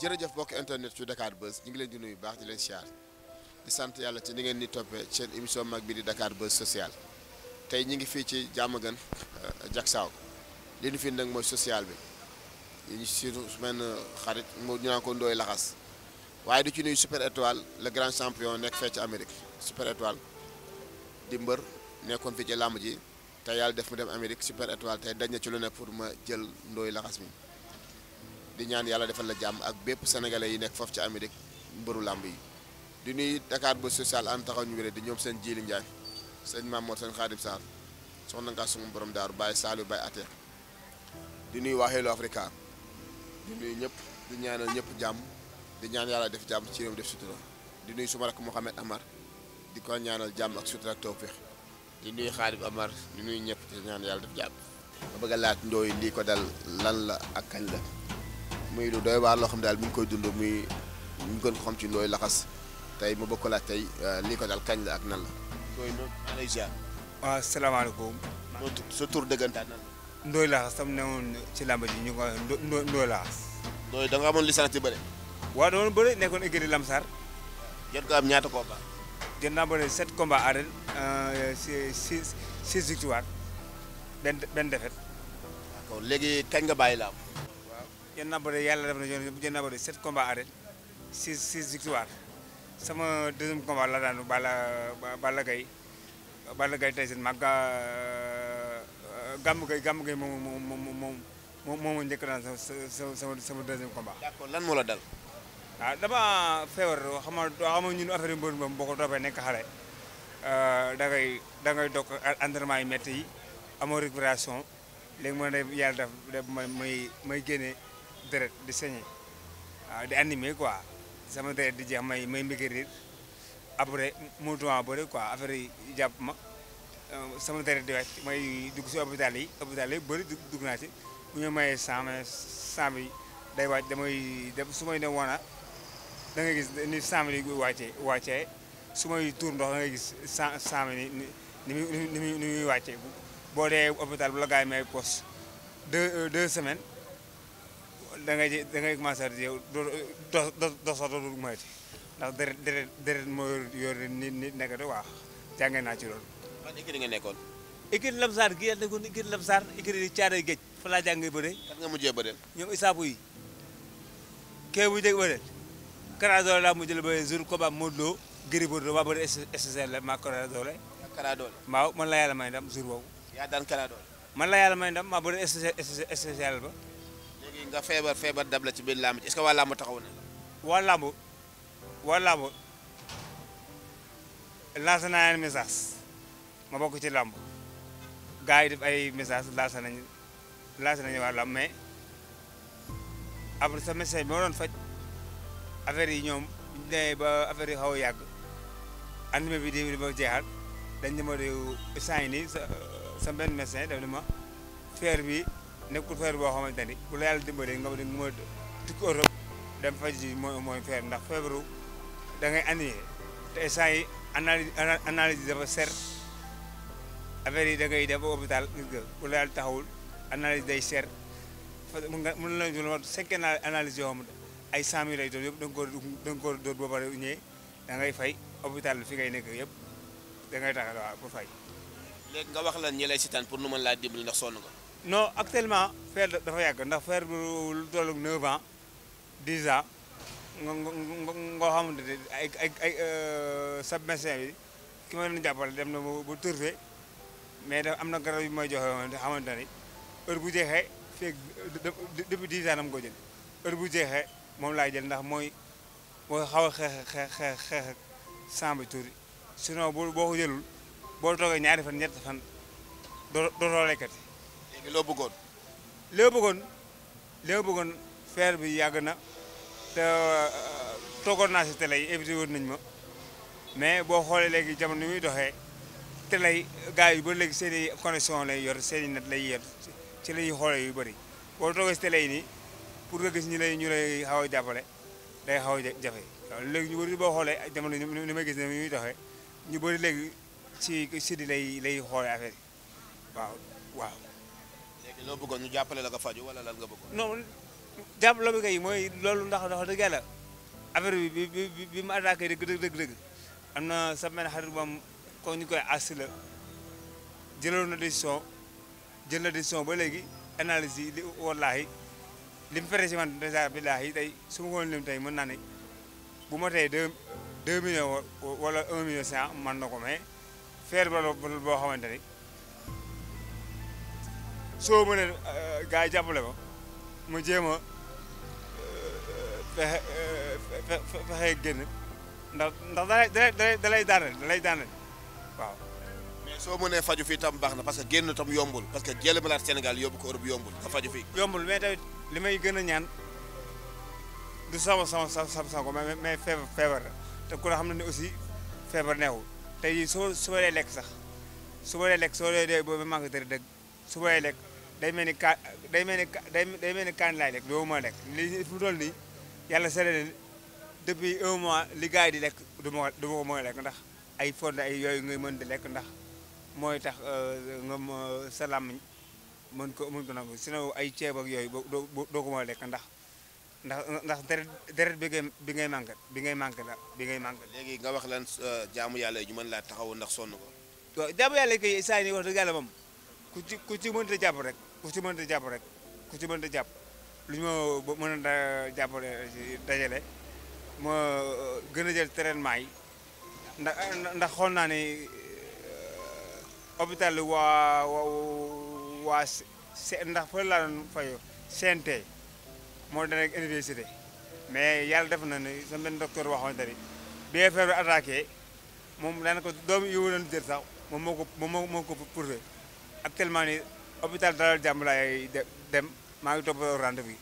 jërëjëf bokk internet yu Dakar Buzz ñu ngi leen di nuyu baax di leen siyaar di sant yàlla ci ni ngeen ni toppee seen émission mag bi di Dakar Buzz social tey ñu ngi fii ci Diamaguène euh, Diacksao li ñu fi nag mooy social bi ñu ngi si benn xarit moo ñu naan ko Ndoye Laxas waaye di ci nuyu Super Étoile le grand champion nekk fee ci Amérique Super Étoile di mbër nekkoon fii ci làmb ji te yàlla def mu dem Amérique Super Étoile tey dañ na ci lu ne pour ma jël Ndoye Laxas mi. di ñaan yàlla defal la jàmm ak bépp sénégalais yi nekk foofu ci Amérique mbëru làmb yi di nuy Dakar ba social an taxaw ñu wéré di ñoom seen jiili Njaay sëñ Mamour sëñ Xaadim Sarr soxna nga suma borom daaru bàyyi Saliou bàyyi Até di nuy waa Hello di nuy ñëpp di ñëpp jàmm di ñaan yàlla def jàmm ci réew def sutura di nuy suma rakk Mouhamed Amar di ko ñaanal jàmm ak sutura ak tawféex di nuy Xaadim Amar di nuy ñëpp di ñaan yàlla def jàmm ba bëgg a ndooy lii ko dal lan la ak kañ muy lu doy waar loo xam daal mi ngi koy dund muy ñu gën ko xam ci ndooy laxas tey mu bokk laa tey euh, lii ko daal kañ la ak nan la. ndooy salaamaaleykum. maa sa tur dëggantaan la. ndooy laxas tam newoon ci làmba ji ñu ko ndo ndooy laxas. ndooy da nga amoon licence di ba waaw da nga doon bëre nekkoon écurie Lamsar. jot nga am ñaata combat. jot naa bëre sept combat arène euh, six six victoire benn benn défaite. d'accord léegi kañ nga bàyyi làmb. Diène Nabodé yàlla def na Diène Nabodé sept combats arrêtés six six sama deuxième combat la daanu Balla Balla Gaye Balla Gaye tey seen mag euh, euh, Gamb Gueye Gamb Gueye moom moom moom moom moom njëkk daan sama sama ah, moom boo ko toppee nekk xale euh, da ngay da ngay dokk entraînement yu métti yi amoo récupération léegi moo ne yàlla def may may deret di saigné waaw di animé quoi sama deret di jeex may may maigrir après mënatuma bëri quoi affaire yi jàpp ma euh, sama deret di wàcc may dugg si opital yi hôpital yi bëri dugg naa ci bu ñu mayee sang mais sang day wàcc damay def su may dem woona da gis ni sang bi di wàccee wàccee su may tuur ndox da ngay gis sang sang bi ni ni muy ni muy wàccee boo dee hôpital bu la gars may poste deux euh, deux semaines da ngay da ngay commencé di yow doo doo sax doo moytu ndax deret deret deret moo yor nit nit nekkati waaw jàngee naa ci loolu. ban écurie nga nekkoon. écurie Lamsaar gi yàlla nekkoon écurie Lamsaar écurie Caaroy Géej fa laa jàngee bëre. kan nga mujjee bëre. ñoom isaapu yi kee bu njëkk bëre. Karadoole laa mujjee bëre jour combat Modou Lo Gris Bordeaux waa bëre SSL la maa Karadoole. maa Karadoole. waaw man la yàlla may ndam jour boobu. yaa daan Karadoole. man la yàlla may ndam maa bëre SSL ba. nga feebar feebar dab la ci biir làmb est-ce que waa làmb taxaw na la. waa làmb waa làmb lancé naa ma bokk ci làmb gars yi ay message lancé nañu lancé nañu waa làmb mais après sa message bi ma doon faj affaire yi ñoom ñu ba affaire yi xaw a yàgg andima bi di ba jeexal dañ ne ma réew saa sa sa benn médecin daf ma feer bi. nekkul feer boo xamante ni bu la yàlla dimbalee nga mën a ji mooy mooy feer ndax feebaru da ngay annulé te saa yi analyse analyse dafa yi da ngay def hôpital gis nga bu la yàlla taxawul analyse day ser mën nga mën nañu naa analyse yoo ay cent mille yëpp da nga koo da nga koo doon da ngay fay hôpital fi ngay nekk yëpp da ngay tax waaw pour fay. léegi nga wax lan ñi lay sitaan pour nu mën laa dimbali ndax sonn nga. non actuellement fer dafa yàgg ndax fer bu lu tollu 9 ans 10 ans nga nga nga xamante ne ay ay ay euh, sab médecin bi ki ma doon jàppale dem na bu turfe mais dafa am na garab yu may joxe woon xamante bu jeexee feeg depuis 10 ans ko jël heure bu jeexee moom laay jël ndax mooy mooy xaw a xeex xeex xeex xeex sinon boo boo ko boo toogee ñaari fan ñetti fan doo doo lekkati li bëggoon. li ma bëggoon bëggoon feer bi yàgg na te euh, toogoon naa si télé yi évité woon nañ ma mais boo xoolee léegi jamono ni muy doxee télé yi gars yi ba léegi seen i connexion lay yor seen i lay yor ci la ñuy xoolee yu bëri boo toogee si télé yi nii pour nga gis ñu lay ñu lay xaw a jàppale day xaw a jafe waaw léegi ñu bëri boo xoolee jamono ni may gis ne muy doxee ñu bëri léegi si si lay lay xoolee affaire waaw. loo bëggoon ñu jàppale la nga faju wala lan nga bëggoon. non jàpp yi mooy loolu ndax ndax dëgg yàlla affaire bi bi bi bi mu attaqué dëgg dëgg dëgg am na sa mel xarit moom ko ñu koy assi la jëloon na décision jël na décision ba léegi analyse yi li wallaahi li mu fere si man dèjà billaahi tey su ma ko lim tey mën naa ne bu ma tey deux deux millions wala un million cinq man na ko mais faire ba boo xamante ni. soo mënee euh, gars yi jàppale ko mu jéem a euh, euh, fexe fexe génn ndax ndax dalay dalay dalay daaneel dalay daaneel waaw. mais soo mënee faju fii tam baax na parce que génn tam yombul parce que jëlee malaat Sénégal yóbbu ko Europe yombul nga faju fii. yombul mais tamit li may gën a ñaan du sama sama sama sama mais mais feebar feebar la te ku ne xam na ne aussi feebar neexul tey jii su ma su ma dee lekk sax su ma dee lekk soo dee dee boobu manqué dëgg. suba lay lekk day mel ni kaan day mel ni day mel ni kaan laay lekk doo ma lekk li fi mu toll nii yàlla sere depuis un mois li yi di lekk du ma du ma ndax ay fonde ay yooyu ngay mën di lekk ndax mooy tax euh, nga sa làmmiñ mën ko mën ko nangu sinon ay ceeb ak yooyu doo ko mën lekk ndax ndax ndax deret deret bi ngay bi ngay manqué bi ngay manqué la bi ngay manqué léegi nga wax lan euh, jaamu yàlla yi ñu mën laa taxaw ndax sonn ko jaamu yàlla kay saa yi wax dëgg moom ku ci ku ci mënta jàpp rek ku ci mënta jàpp rek ku ci mënta jàpp lu ñu ma mën a jàppale dajale ma euh, gën a jël traitement yi ndax ndax xool naa ni euh, hôpital waa waa ndax fa laa doon fayoo CNT moo da rek université mais yàlla def na ni sama benn docteur waxoon tani bi feebar attaqué moom daanaka doomu yi doon jël sax moom moo ko moom moo ko poursuivre actuellement nii hôpital Dalal Jàmm laay dem maa ngi toppatoo rendez-vous yi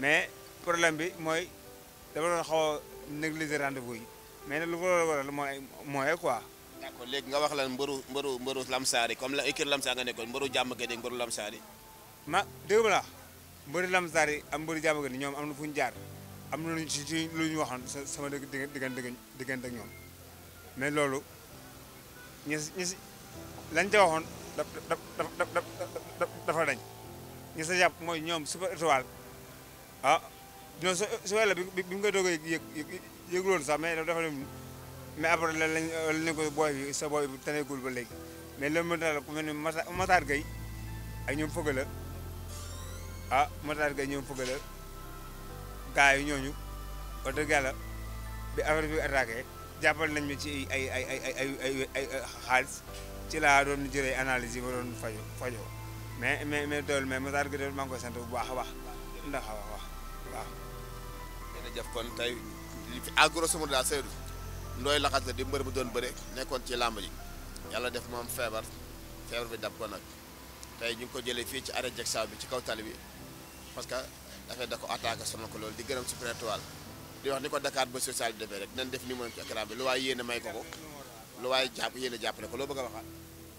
mais problème bi mooy dama doon xaw a négliger rendez-vous yi mais nag lu ko waral mooy mooy quoi. d'accord léegi nga wax lan mbëru mbëru mbëru lamsaar yi comme la écurie lamsaar nga nekkoon mbëru jàmm gën mbëru lamsaar yi. ma dégg nga la mbëru lamsaar yi am mbëru jàmm gën ñoom am na fu ñu jaar am na luñ ci lu ñu waxoon sama dëgg diggante diggante ak ñoom mais loolu ñi si ñi dafa dañ ñi sa jàpp mooy ñoom super étoile ah non su su la bi bi nga doog a yëg yëguloon sax mais dafa dem mais la lañ lañ ko booy bi sa booy bi teneegul ba léegi mais loolu mën na ku mel ni Matar Gueye ak ñoom fëgg la ah Matar Gueye ñoom fëgg la yi ñooñu wax dëgg yàlla bi affaire bi attaqué jàppal nañ ma ci ay ay ay ay ay ay xaalis ci laa doon jëlee analyse yi ma doon fajo fajo mais mais mais dool mais Matar gi dool maa ngi koy sant bu baax a baax ndax a wax waaw jërëjëf kon tey li fi à grosso ndooy laxas la di mbër bu doon bëre nekkoon ci làmb ji yàlla def moom feebar feebar bi dab ko nag tey ñu ko jëlee fii ci arrêt Diegsaw bi ci kaw tali bi parce que dafay da ko attaqué sonal ko loolu di gërëm Super Étoile di wax ni ko Dakar ba social bi defee rek nañ def ni moom ci écran bi lu waaye yéene may ko lu waaye jàpp yéen jàppale ko loo bëgg a waxaat.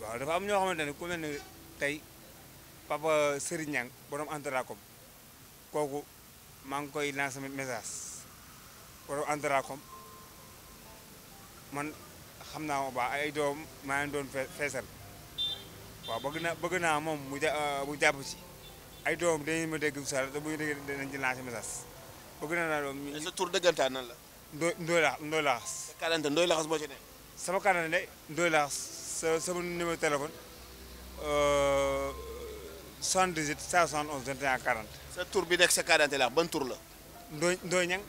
waaw dafa am ñoo xamante ne ku mel ne tey papa Serigne Niang borom Antracom kooku maa ngi koy lancer message borom Antracom man xam naa ko baax ay doom maa ngi doon feesal waaw bëgg na bëgg naa moom mu ja euh, mu jàpp ci ay doom dañuy ma bu ñu déggee dinañ ci lancer message bëgg naa doom. sa tur dëggantaan nan la. Ndo Ndoy Laxas Laxas. te ci nekk. sama kanam ne Ndoye laa sama numéro téléphone 78 171 21 40. sa tur bi nekk sa carte d'identité la ban tur la. Ndoye Ndoye Niang.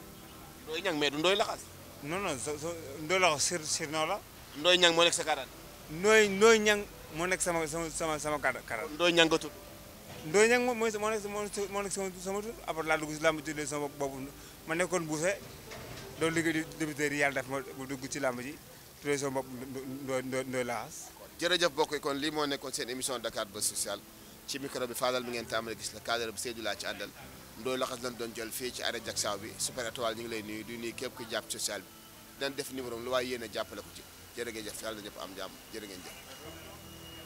Ndoye Niang mais du Ndoye Laxas. non non sa sa Ndoye Laxas sur surnom la. Ndoye Niang moo nekk sa carte d'identité. moo nekk sama sama sama sama carte d'identité. Ndoye Niang nga tudd. Ndoye Niang moo moo nekk moo nekk sama sama tur après laa dugg si làmb ji sama bopp ma nekkoon buuse doon liggéey di débiteur yi yàlla def ma dugg ci làmb ji. trésor bopp Ndoye jërëjëf bokk yi kon lii moo nekkoon seen émission Dakar Buzz Social ci micro bi Fadal mi ngeen tàmbali gis la cadre bi Seydou laa ci àndal Ndoye Laxas lañ doon jël fii ci arrêt Diacksao bi Super Étoile ñu ngi lay nuyu di nuyu képp ku jàpp social bi dinañ def numéro lu waaye yéen a jàppale ko ci jërë ngeen jëf yàlla na ñëpp am jàmm jërë ngeen jëf